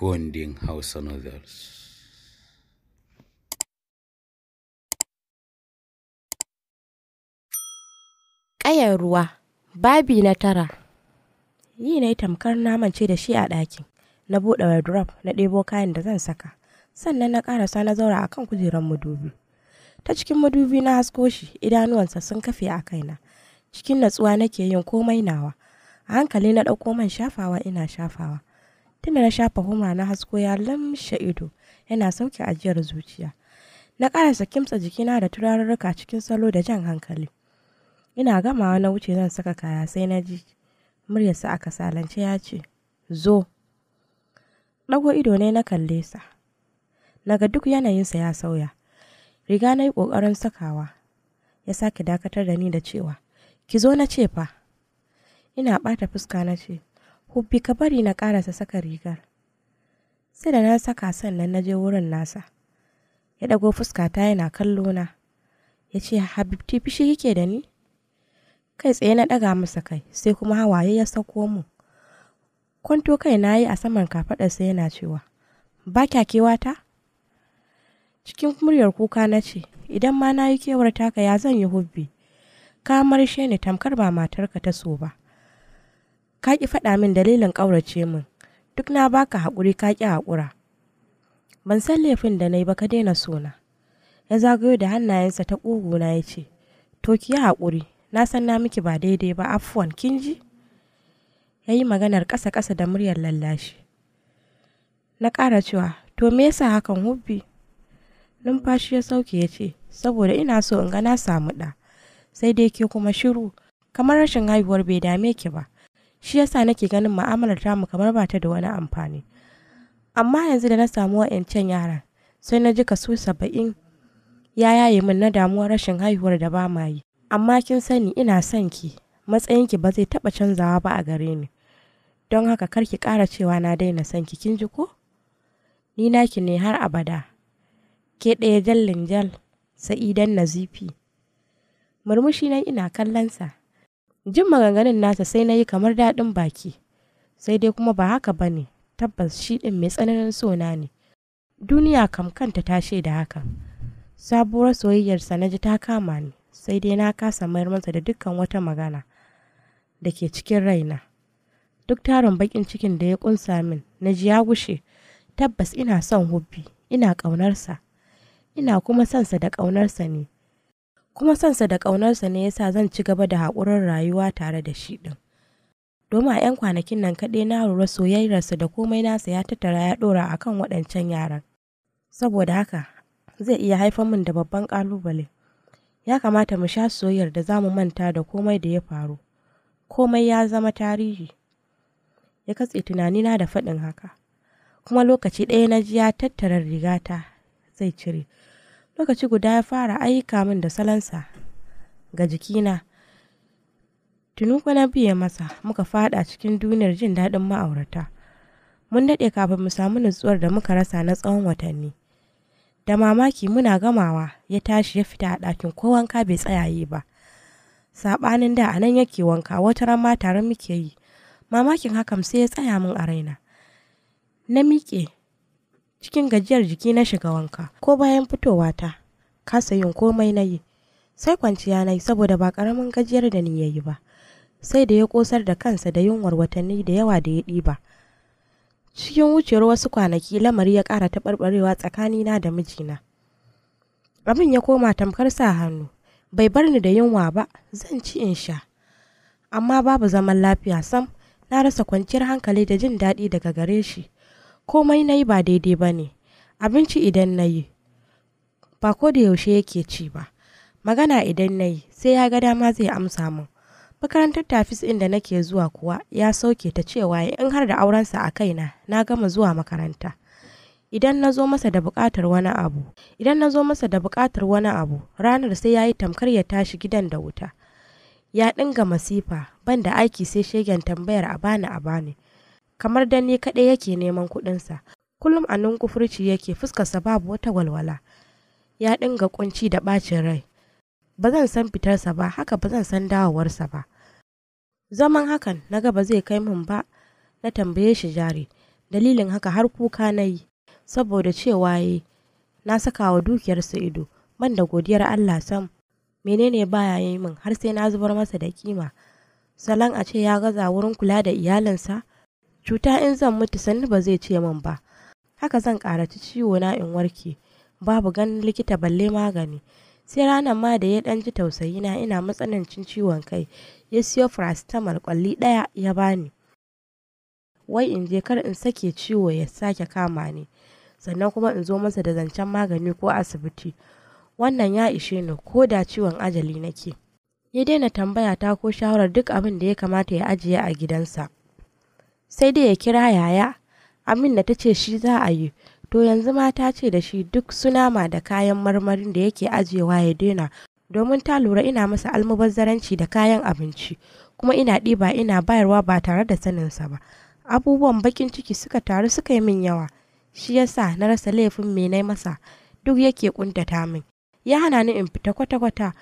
kundin Hausa Novels. Ƙayar ruwa, babi na tara. Yi na yi tamkar namance da shi a ɗakin, na buɗe wardrobe na ɗebo kayan da zan saka, sannan na ƙarasa na zaura a kan kujerar madubi. Ta cikin madubi na hasko shi, idanuwansa sun kafe a kaina. Cikin natsuwa nake yin komai nawa, a hankali na ɗauko man shafawa ina shafawa. tunda na shafa homa na hasko ya lamshe ido yana sauke ajiyar zuciya na ƙarasa kimtsa jikina da turarurruka cikin salo da jan hankali ina gamawa na wuce zan saka kaya sai na ji muryarsa a kasalance ya ce zo ɗago ido ne na kalle sa naga duk yanayinsa ya sauya riga na yi ƙoƙarin sakawa ya sake dakatar da ni da cewa ki zo na ce fa ina ɓata fuska na ce Hubbi ka bari na ƙarasa saka rigar. Sai da na saka sannan na je wurin nasa. Ya ɗago fuskata yana kallo na. Ya ce Habib fishi kike da ni? Kai tsaye na ɗaga masa kai sai kuma hawaye ya sauko mu. Kwanto kai na yi a saman kafaɗarsa yana cewa, Ba kya ta? Cikin muryar kuka na ce, Idan ma na yi kewar taka ya zan yi hubbi. Ka marshe ni tamkar ba matarka ta so ba. ka ki faɗa min dalilin ƙaurace min duk na baka haƙuri ka ki haƙura ban san laifin da na yi ba ka daina sona ya zagayo da hannayensa ta ƙuguna ya ce to ki yi haƙuri na san na miki ba daidai ba afuwan kin ji ya yi maganar ƙasa-ƙasa da muryar lallashi na ƙara cewa to me yasa hakan hubbi numfashi ya sauke ya ce saboda ina so in ga na samu ɗa sai dai ke kuma shiru kamar rashin haihuwar bai dame ki ba shi yasa nake ganin mu'amalar tamu kamar ba ta da wani amfani amma yanzu da na samu wa'ancan yaran sai na ji kaso saba'in ya yaye min na damuwar rashin haihuwar da ba ma yi amma kin sani ina son ki matsayinki ba zai taɓa canzawa ba a gare ni don haka kar ki ƙara cewa na daina son ki kin ji ko ni naki ne har abada ke ɗaya jallin jal sa'idan nazifi murmushi na ina kallon sa. Jin maganganun nasa sai na yi kamar daɗin baki, sai dai kuma ba haka ba ne, tabbas shi ɗin mai tsananin sona ne. Duniya kam kanta ta shaida haka. Sabuwar soyayyarsa na ji ta kama ni, sai dai na kasa mayar masa da dukkan wata magana da ke cikin raina. Duk tarin baƙin cikin da ya kunsa min, na ji ya gushe, tabbas ina son hubbi, ina ƙaunarsa, ina kuma sonsa da ƙaunarsa ne. kuma sansa da ƙaunarsa ne yasa zan ci gaba da haƙurin rayuwa tare da shi ɗin. Domin a 'yan kwanakin nan kaɗai na rura soyayyarsa da komai nasa ya tattara ya ɗora a kan waɗancan yaran. Saboda haka zai iya haifar min da babban ƙalubale. Ya kamata mu sha soyayyar da zamu manta da komai da ya faru. Komai ya zama tarihi. Ya katse tunanina da faɗin haka. Kuma lokaci ɗaya na ji ya tattara rigata zai cire. lokaci guda ya fara aika min da salansa ga jikina tunu na biye masa muka fada cikin duniyar jin daɗin ma'aurata mun daɗe kafin mu samu nutsuwar da muka rasa na tsawon watanni da mamaki muna gamawa ya tashi ya fita a ɗakin ko wanka bai tsayaye ba saɓanin da anan nan yake wanka wata ran ma tare muke yi mamakin hakan sai ya tsaya min a raina na miƙe cikin gajiyar jiki na shiga wanka ko bayan fitowa ta kasa yin komai na yi sai kwanciya na yi saboda ba karamin gajiyar da ni ya yi ba sai da ya kosar da kansa da yunwar watanni da yawa da ya ɗiba cikin wucewar wasu kwanaki lamari ya ƙara taɓarɓarewa tsakanina da mijina abin ya koma tamkar sa hannu bai bar ni da yunwa ba zan ci in sha amma babu zaman lafiya sam na rasa kwanciyar hankali da jin daɗi daga gare shi komai na yi ba daidai ba ne abinci idan na yi ba ko da yaushe yake ci ba magana idan na yi sai ya ga dama zai amsa min makarantar tafis ɗin da nake zuwa kuwa ya sauke ta cewa in har da aurensa a kaina na gama zuwa makaranta idan na zo masa da bukatar wani abu idan na zo masa da buƙatar wani abu ranar sai ya yi tamkar ya tashi gidan da wuta ya ɗinga masifa ban da aiki sai shegen tambayar a bani a bani kamar danni ne kaɗai yake neman kuɗinsa kullum a nan kufurci yake fuskarsa babu wata walwala ya dinga kunci da ɓacin rai ba zan san fitarsa ba haka ba zan san dawowarsa ba zaman hakan na ga ba zai kai mun ba na tambaye shi jari dalilin haka har kuka na yi saboda cewa yi na saka wa dukiyarsa ido man da godiyar Allah sam menene baya yi min har sai na zubar masa da kima salon a ce ya gaza wurin kula da iyalinsa cuta in zan mutu sannu ba zai ce min ba haka zan karaci ciwo na in warke babu ganin likita balle magani sai ranar ma da ya dan ji tausayi na ina matsanancin ciwon kai ya siyo paracetamol kwalli daya ya bani wai in je kar in sake ciwo ya sake kama ni sannan kuma in zo masa da zancen magani ko asibiti wannan ya ishe ni ko da ciwon ajali nake ya daina tambaya ta ko shawarar duk abin da ya kamata ya ajiye a gidansa sai dai ya kira yaya. Amina ta ce shi za a yi. To yanzu ma ta ce da shi duk sunama da kayan marmarin da yake ajiyewa ya daina domin ta lura ina masa almubazzaranci da kayan abinci kuma ina ɗiba ina bayarwa ba tare da saninsa ba. Abubuwan bakin ciki suka taru suka yi min yawa. Shi yasa na rasa laifin me na masa duk yake kuntata min. Ya hana ni in fita kwata-kwata.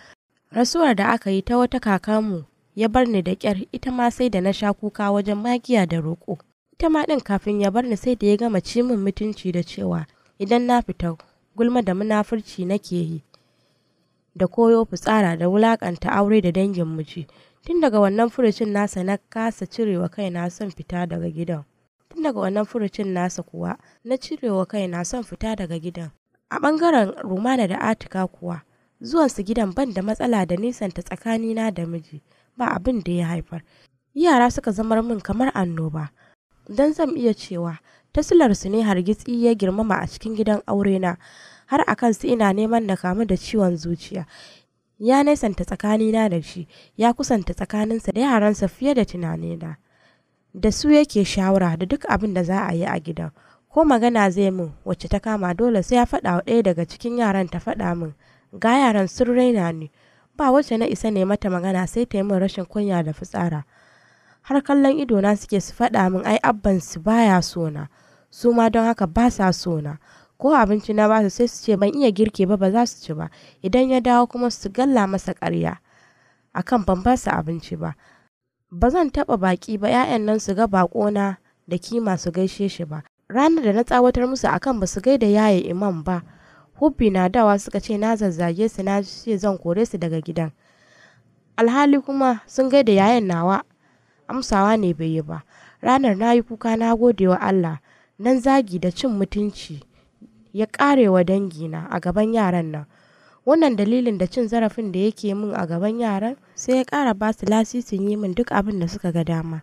Rasuwar da aka yi ta wata kakamu ya bar ni da ƙyar ita ma sai da na sha kuka wajen magiya da roƙo. Ita ma ɗin kafin ya bar ni sai da ya gama ci min mutunci da cewa idan na fita gulma da munafurci nake yi. Da koyo fitsara da wulaƙanta aure da dangin miji. Tun daga wannan furucin nasa na kasa cirewa kaina son fita daga gidan. Tun daga wannan furucin nasa kuwa na cirewa kaina son fita daga gidan. A ɓangaren Rumana da Atika kuwa zuwansu gidan ban da matsala da nisanta tsakanina da miji. ba abin da ya haifar yara suka zamar min kamar annoba don zan iya cewa su ne hargitsi ya girmama a cikin gidan aurena har a kansu ina neman na kamu da ciwon zuciya ya nesanta tsakanina da shi ya kusanta tsakaninsa da yaransa fiye da tunanina da su yake shawara da duk abin da za a yi a gidan ko magana zai min wacce ta kama dole sai ya faɗa wa ɗaya daga cikin yaran ta faɗa min ga yaran sun raina ni ba wacce na isa ne mata magana sai ta yi min rashin kunya da fitsara har kallon idona suke su faɗa min ai abban su baya sona su ma don haka ba sa sona ko abinci na ba su sai su ce ban iya girke ba ba za su ci ba idan ya dawo kuma su galla masa ƙarya akan ban ba su abinci ba ba zan taɓa baƙi ba 'ya'yan nan su ga na da kima su gaishe shi ba ranar da na tsawatar musu akan ba su gaida yaye imam ba hubbi na dawa suka ce na zazzage su na ce zan kore su daga gidan alhali kuma sun gaida yayan nawa amsawa ne bai yi ba ranar na yi kuka na gode wa allah nan zagi da cin mutunci ya karewa dangina a gaban yaran nan wannan dalilin da cin zarafin da yake min a gaban yaran sai ya kara ba su lasisin yi min duk abin da suka ga dama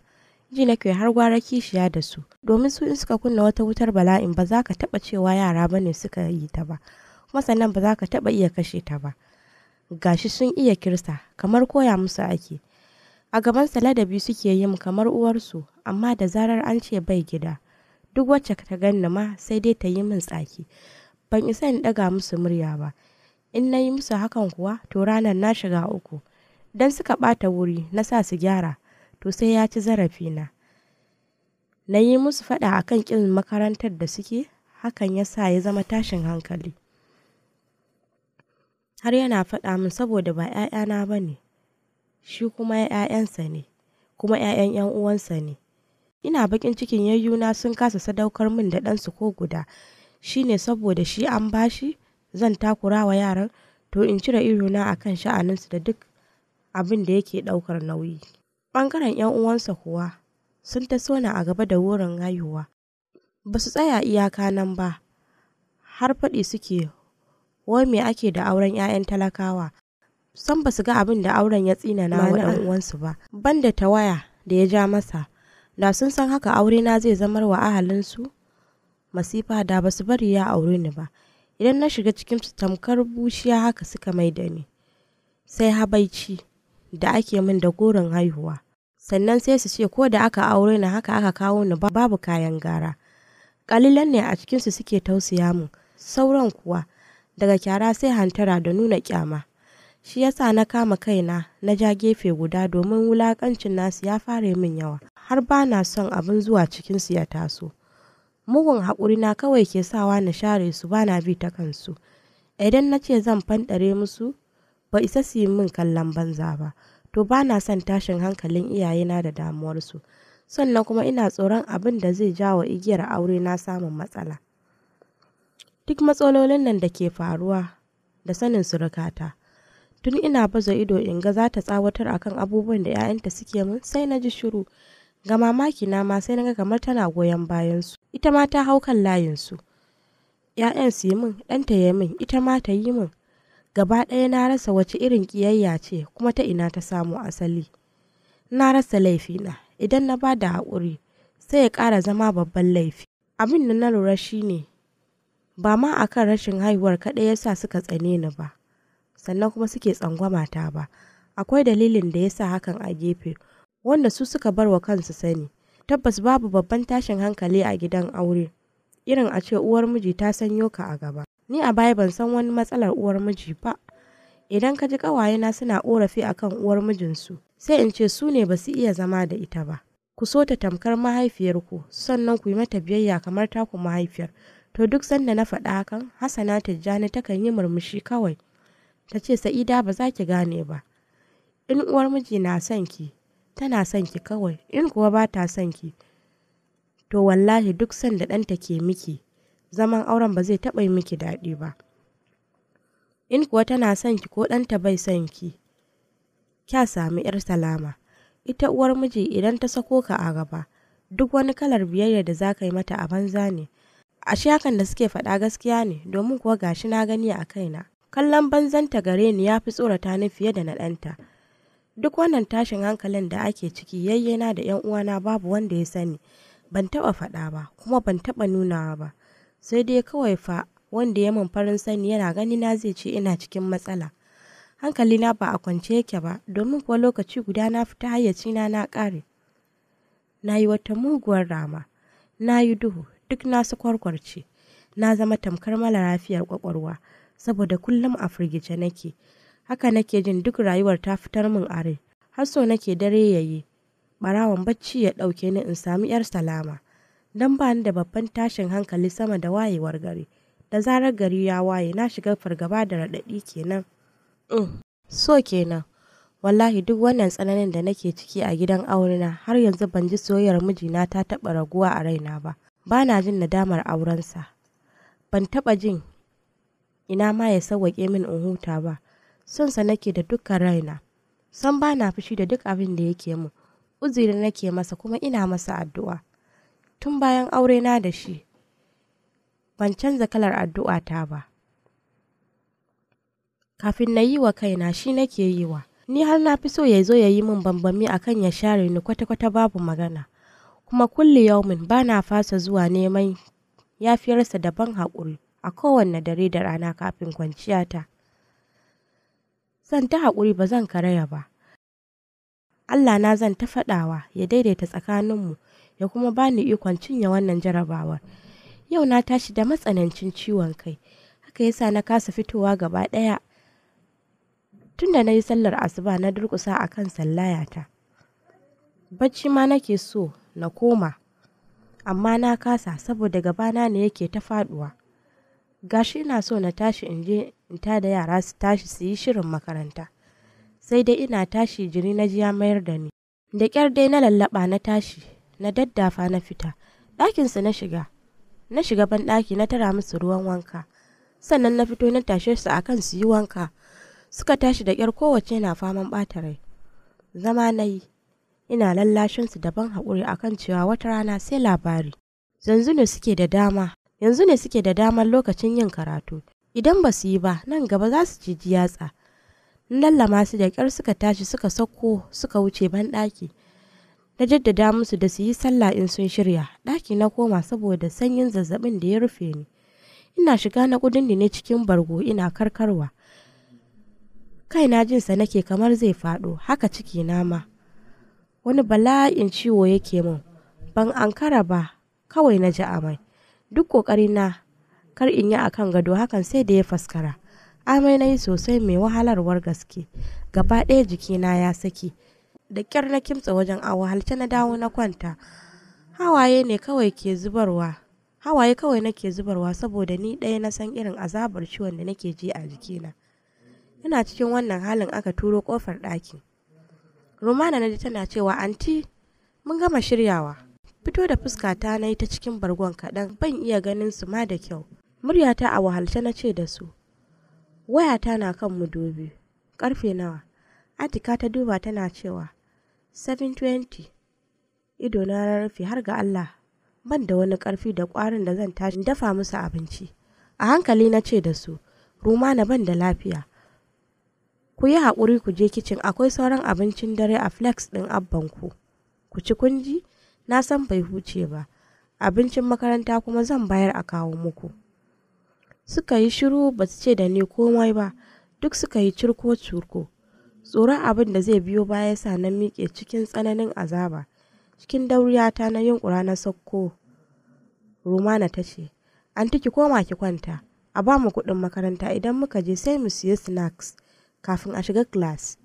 ji na har gwara kishiya da su domin su in suka kunna wata wutar bala'in ba za ka taba cewa yara bane suka yi ta ba masanan ba za ka taɓa iya kashe ta ba gashi sun iya kirsa kamar koya musu ake a gaban ladabi suke yin kamar uwarsu amma da zarar an ce bai gida duk wacce ta ganni ma sai dai ta yi min tsaki ban isa in ɗaga musu murya ba in na yi musu hakan kuwa to ranar na shiga uku don suka ɓata wuri na sa su gyara to sai ya ci zarafi na na yi musu faɗa akan ƙin makarantar da suke hakan ya sa ya zama tashin hankali har yana faɗa min saboda ba ‘ya'yana ba ne, shi kuma ‘ya'yansa ne, kuma ‘ya'yan ‘yan uwansa ne. Ina baƙin cikin yayyuna sun kasa sadaukar min da ɗansu ko guda, shi ne saboda shi an bashi zan takura wa yaran to in cire iruna a kan sha'aninsu da duk abin da yake ɗaukar nauyi. Ɓangaren ‘yan uwansa kuwa sun ta sona a gaba da wurin haihuwa. Ba su tsaya iyaka nan ba, har faɗi suke wai me ake da auren 'ya'yan talakawa san ba su ga abin da auren ya tsinana wa ɗan uwansu ba banda ta waya da ya ja masa da sun san haka aure na zai zamar wa ahalinsu masifa da ba su bari ya aure ni ba idan na shiga cikin su tamkar bushiya haka suka mai da ni sai habaici da ake min da goron haihuwa sannan sai su ce ko da aka aure ni haka aka kawo ni babu kayan gara kalilan ne a cikinsu suke tausaya mun. sauran kuwa daga kyara sai hantara da nuna kyama shi yasa na kama kaina na ja gefe guda domin wulakancin nasu ya fara min yawa har ba na son abin zuwa cikinsu ya taso mugun haƙuri na kawai ke sawa na share su ba na bi ta kansu idan na ce zan fanɗare musu ba isa su yi min kallon banza ba to ba na son tashin hankalin iyayena da damuwarsu sannan kuma ina tsoron abin da zai jawo igiyar aure na samun matsala duk matsalolin nan da ke faruwa da sanin surukata tun ina baza ido in ga za ta tsawatar akan abubuwan da 'ya'yanta suke mun sai na ji shiru ga mamaki na ma sai na ga kamar tana goyon bayan su ita ma ta hau kan layin su 'ya'yan su yi min ɗanta ta min ita ma ta yi min gaba ɗaya na rasa wace irin kiyayya ce kuma ta ina ta samu asali na rasa laifina idan na ba da haƙuri sai ya ƙara zama babban laifi abin da na lura shine ba ma a kan rashin haihuwar kaɗai ya sa suka tsane ni ba sannan kuma suke tsangwamata ba akwai dalilin da ya sa hakan a gefe wanda su suka bar wa kansu sani tabbas babu babban tashin hankali a gidan aure irin a ce uwar miji ta sanyo ka a gaba ni a baya ban san wani matsalar uwar miji ba idan ka ji ƙawayena suna ƙorafi akan uwar mijinsu sai in ce su ne ba su iya zama da ita ba ku so ta tamkar mahaifiyarku sannan ku yi mata biyayya kamar taku mahaifiyar to duk sanda na faɗa kan hasana tijjani takan yi murmushi kawai ta ce sa'ida ba za ki gane ba in uwar miji na son ki tana son ki kawai in kuwa ba ta son ki to wallahi duk sanda ɗanta ke miki zaman auren ba zai taɓa yi miki daɗi ba in kuwa tana son ki ko ɗanta bai son ki kya sami 'yar salama ita uwar miji idan ta sako ka a gaba duk wani kalar biyayya da za ka yi mata a banza ne ashe hakan da suke faɗa gaskiya ne domin kuwa gashi na gani a kaina kallon banzanta gare ni ya fi tsorata ni fiye da na ɗanta duk wannan tashin hankalin da ake ciki yayyena da yan uwana babu wanda ya sani ban taɓa faɗa ba kuma ban taɓa nunawa ba sai dai kawai fa wanda ya min farin sani yana gani na zai ce ina cikin matsala hankalina ba a kwance yake ba domin kuwa lokaci guda na fita hayyacina na ƙare na yi wata muguwar rama na yi duhu duk nasu kwarkwarce na zama tamkar mala lafiyar kwakwarwa. saboda kullum a firgice nake haka nake jin duk rayuwar ta fitar min a rai har so nake dare yayi barawan bacci ya ɗauke ni in sami yar salama dan ba ni da babban tashin hankali sama da wayewar gari da zarar gari ya waye na shiga fargaba da raɗaɗi kenan mm. so kenan wallahi duk wannan tsananin da nake ciki a gidan aurena har yanzu ban ji soyayyar mijina ta taɓa raguwa a raina ba ba na jin nadamar aurensa. Ban taɓa jin ina ma ya sawwaƙe min in huta ba, sonsa nake da dukkan raina. San ba na fushi da duk abin da yake mun. uzuri nake masa kuma ina masa addu'a. Tun bayan aure na da shi, ban canza kalar addu'a ta ba. Kafin na yi wa kaina shi nake yi wa, ni har na fi so ya zo ya yi min bambami akan ya share ni kwata-kwata babu magana. kuma kulli yaumin ba na fasa zuwa neman yafiyarsa da ban haƙuri a kowanne dare da rana kafin kwanciyata. Zan ta haƙuri ba zan karaya ba. Allah na zan ta faɗawa ya daidaita tsakaninmu ya kuma ba ni ikon cinye wannan jarabawar. Yau na tashi da matsanancin ciwon kai, haka yasa na kasa fitowa gaba ɗaya. Tunda na yi sallar asuba na durƙusa a kan sallayata. Bacci ma nake so na koma amma na kasa saboda gabana ne yake ta faduwa gashi ina so na tashi in je in ta da yara su tashi su yi shirin makaranta sai dai ina tashi jiri na jiya mayar da ni da kyar dai na lallaba na tashi na daddafa na fita ɗakinsu na shiga na shiga ban ɗaki na tara musu ruwan wanka sannan na fito na tashe su akan su yi wanka suka tashi da kyar kowace na faman ɓata zama na yi ina lallashinsu da ban haƙuri akan cewa wata rana sai labari. Yanzu ne suke da dama, yanzu ne suke da damar lokacin yin karatu. Idan ba su yi ba, nan gaba za su ji yatsa. Lallama su da ƙyar suka tashi suka sauko suka wuce banɗaki. Na jaddada musu da su yi sallah in sun shirya, ɗaki na koma saboda sanyin zazzabin da ya rufe ni. Ina shiga na ƙudin ne cikin bargo ina karkarwa. kai na jinsa nake kamar zai faɗo, haka ciki na ma. wani bala'in ciwo yake mun ban ankara ba kawai na ji amai duk ƙoƙari na kar in yi akan gado hakan sai da ya faskara amai na yi sosai mai wahalarwar gaske gaba ɗaya jiki na ya saki da ƙyar na kimtsa wajen awa halce na dawo na kwanta hawaye ne kawai ke zubarwa hawaye kawai nake zubarwa saboda ni ɗaya na san irin azabar ciwon da nake ji a jikina ina cikin wannan halin aka turo ƙofar ɗakin Romana na ji tana cewa anti mun gama shiryawa. Fito da fuska ta na ta cikin bargon kaɗan ban iya ganin su ma da kyau. Muryata a wahalce na ce da su. Wayata na kan dubi Karfe nawa? Atika ta duba tana cewa 720. Ido na rarrafe har ga Allah ban da wani karfi da ƙwarin da zan tashi dafa musu abinci. A hankali na ce da su, Rumana ban da lafiya. Ku yi haƙuri ku je kicin akwai sauran abincin dare a flex ɗin abbanku. Ku ci kunji Na san bai huce ba. Abincin makaranta kuma zan bayar a kawo muku. Suka yi shiru ba su ce da ni komai ba, duk suka yi cirko curko Tsoron abin da zai biyo baya sa na miƙe cikin tsananin azaba. Cikin dauriyata na yunƙura na sakko. Rumana ta ce, Anti ki koma ki kwanta, a ba mu kuɗin makaranta idan muka je sai mu siya snacks. kafin a shiga glass.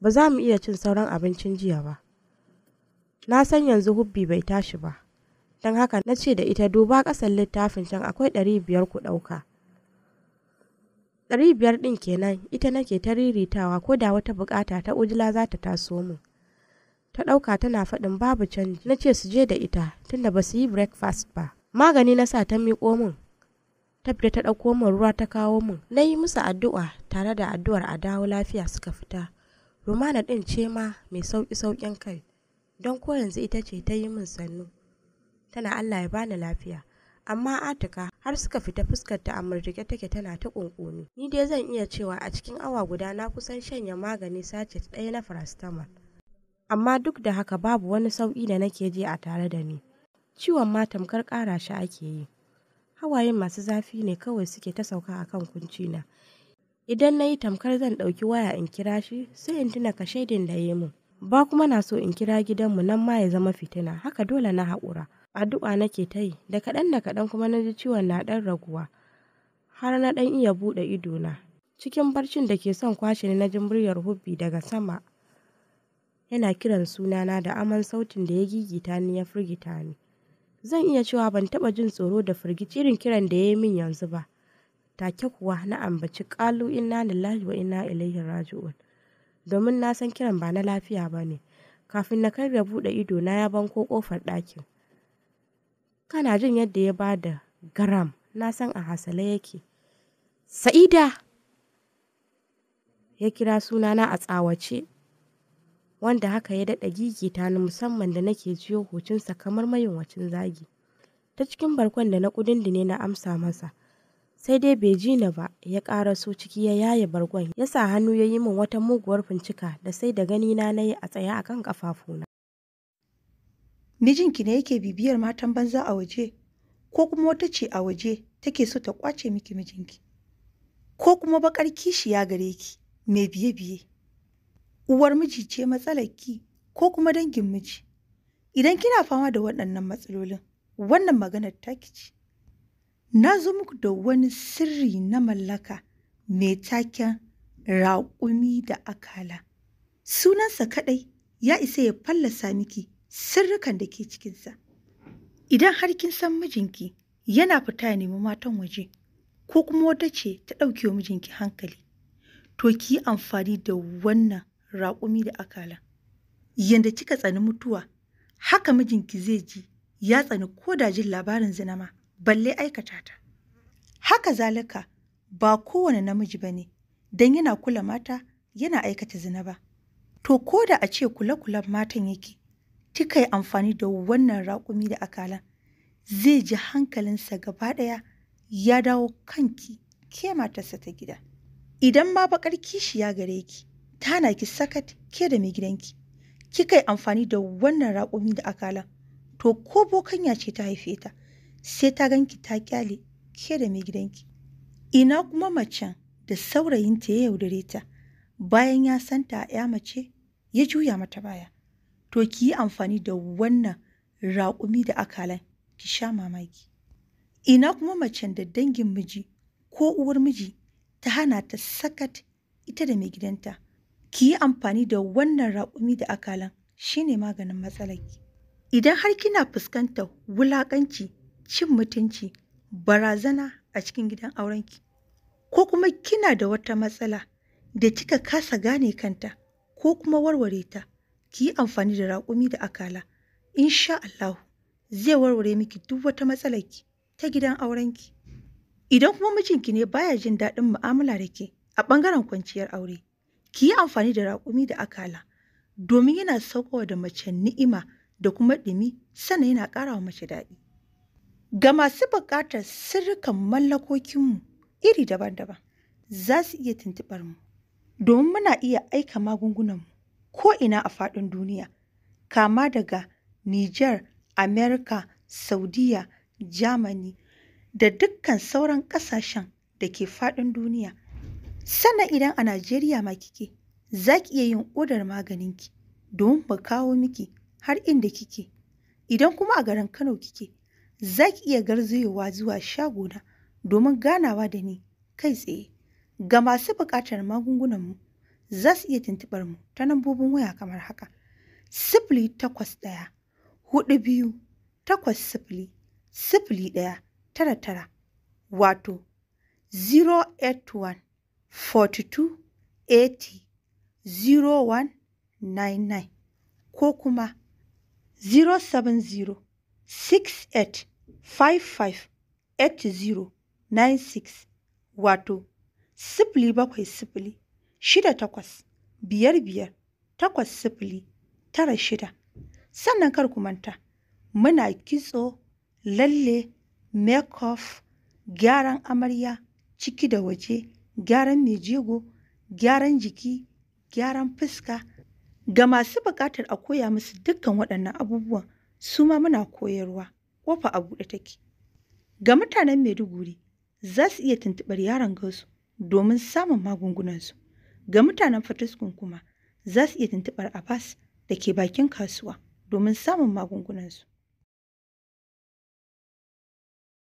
Ba za mu iya cin sauran abincin jiya ba. Na san yanzu hubbi bai tashi ba, don haka na ce da ita duba ƙasan littafin can akwai ɗari biyar ku ɗauka. Ɗari biyar ɗin kenan ita nake ta riritawa ko da wata buƙata ta ujila za ta taso min. Ta ɗauka tana faɗin babu canji na ce su je da ita tunda ba su yi breakfast ba. Magani na sa ta miƙo min ta fita ta ɗauko min ruwa ta kawo min na yi musu addu'a tare da addu'ar a dawo lafiya suka fita rumana ɗin ce ma mai sauƙi sauƙin kai don ko yanzu ita ce ta yi min sannu tana allah ya bani lafiya amma atika har suka fita fuskar ta murtuke take tana ta ƙunƙuni ni dai zan iya cewa a cikin awa guda na kusan shanya magani sace ɗaya na farastamol amma duk da haka babu wani sauƙi da nake ji a tare da ni ciwon ma tamkar ƙara shi ake yi hawayen masu zafi ne kawai suke ta sauka a kan kuncina idan na yi tamkar zan ɗauki waya in kira shi sai in tuna ka shaidin da ya mun ba kuma na so in kira gidanmu nan ma ya zama fitina haka dole na haƙura addu'a nake ta yi da kaɗan da kaɗan kuma na ji ciwon na ɗan raguwa har na ɗan iya buɗe idona cikin barcin da ke son kwashe ni na ji muryar hubbi daga sama yana kiran sunana da aman sautin da ya gigita ni ya firgita ni Zan iya cewa ban taba jin tsoro da firgici irin kiran da ya yi min yanzu ba. Take kuwa na ambaci ƙalu inna lillahi wa inna ilaihi raji'un. Domin na san kiran ba na lafiya ba ne. Kafin na karya buɗe ido na ya banko kofar ɗakin. Kana jin yadda ya ba da garam na san a hasale yake. Sa'ida! Ya kira sunana a tsawace. wanda haka ya daɗa gigita na musamman da nake jiyo hucinsa kamar mayunwacin zagi. Ta cikin barkon da na ne na amsa masa, sai dai bai ji na ba ya ƙara so ciki ya yaye bargon ya sa hannu ya yi min wata muguwar fincika da sai da gani na yi a tsaye akan ƙafafuna. Mijinki ne yake bibiyar matan banza a waje, ko kuma wata ce a waje take so ta kwace miki mijinki, ko kuma baƙar kishi ya gare ki, mai biye-biye. uwar miji ce matsalarki ko kuma dangin miji. Idan kina fama da waɗannan matsalolin, wannan maganar taki ce. Na zo muku da wani sirri na mallaka mai taken raƙumi da akala. Sunansa kaɗai ya isa ya fallasa miki sirrikan da ke cikinsa. Idan har kin san mijinki yana fita ya nemi matan waje, ko kuma wata ce ta ɗauke wa mijinki hankali, to ki yi amfani da wannan raƙumi da akala. Yanda kika tsani mutuwa, haka mijinki zai ji ya tsani ko da jin labarin zina ma, balle aikata ta. Haka zalika ba kowane namiji ba ne, don yana kula mata yana aikata zina ba. To ko da a ce kula-kulan matan yake, kika yi amfani da wannan raƙumi da akalan, zai ji hankalinsa gaba ɗaya ya dawo kanki ke matarsa ta gida. Idan ma baƙar kishi ya gare ki, tana ki sakat ke da mai gidanki kika yi amfani da wannan raƙumin da akala to ko bokanya ce ta haife ta sai ta ganki ta kyale ke da mai gidanki ina kuma macen da saurayinta ya yaudare ta bayan ya santa ya mace ya juya mata baya to ki yi amfani da wannan raƙumi da akalan ki sha mamaki ina kuma macen da dangin miji ko uwar miji ta hana ta sakat ita da mai gidanta ki yi amfani da wannan raƙumi da akalan shi ne maganin matsalarki. Idan har kina fuskantar wulaƙanci, cin mutunci, barazana a cikin gidan aurenki, ko kuma kina da wata matsala da kika kasa gane kanta ko kuma warware ta, ki yi amfani da raƙumi da akala. Insha Allah zai warware miki duk wata matsalarki ta gidan aurenki. Idan kuma mijinki ne baya jin daɗin mu'amala da ke a ɓangaren kwanciyar aure. ki yi amfani da raƙumi da akala domin yana saukowa da mace ni'ima da kuma ɗumi sannan yana ƙara wa mace daɗi. Ga masu buƙatar sirrikan mallakokinmu iri daban-daban za su iya tuntuɓar mu domin muna iya aika magungunanmu ko ina a faɗin duniya kama daga Niger, Amerika, Saudiya, Germany da dukkan sauran ƙasashen da ke faɗin duniya. sannan idan a najeriya ma kike za ki iya yin odar maganinki domin ba kawo miki har inda kike idan kuma a garin kano kike za ki iya garzayowa zuwa shagona domin ganawa da ni kai tsaye ga masu buƙatar magungunanmu za su iya tuntuɓar mu ta nambobin waya kamar haka sifili takwas ɗaya huɗu biyu takwas sifili sifili ɗaya tara tara wato one. 42 80 ko kuma 070 68 55 80 96 wato sifili bakwai sifili shida takwas biyar biyar takwas sifili tara shida sannan kar ku manta muna kitso lalle make gyaran amarya ciki da waje gyaran nijego, gyaran jiki, gyaran fuska. Ga masu buƙatar a koya musu dukkan waɗannan abubuwan su ma muna koyarwa, ƙofa a buɗe take. Ga mutanen Maiduguri za su iya tuntuɓar yaron gasu domin samun magungunansu. Ga mutanen Fatiskun kuma za su iya tuntuɓar Abbas da ke bakin kasuwa domin samun magungunansu.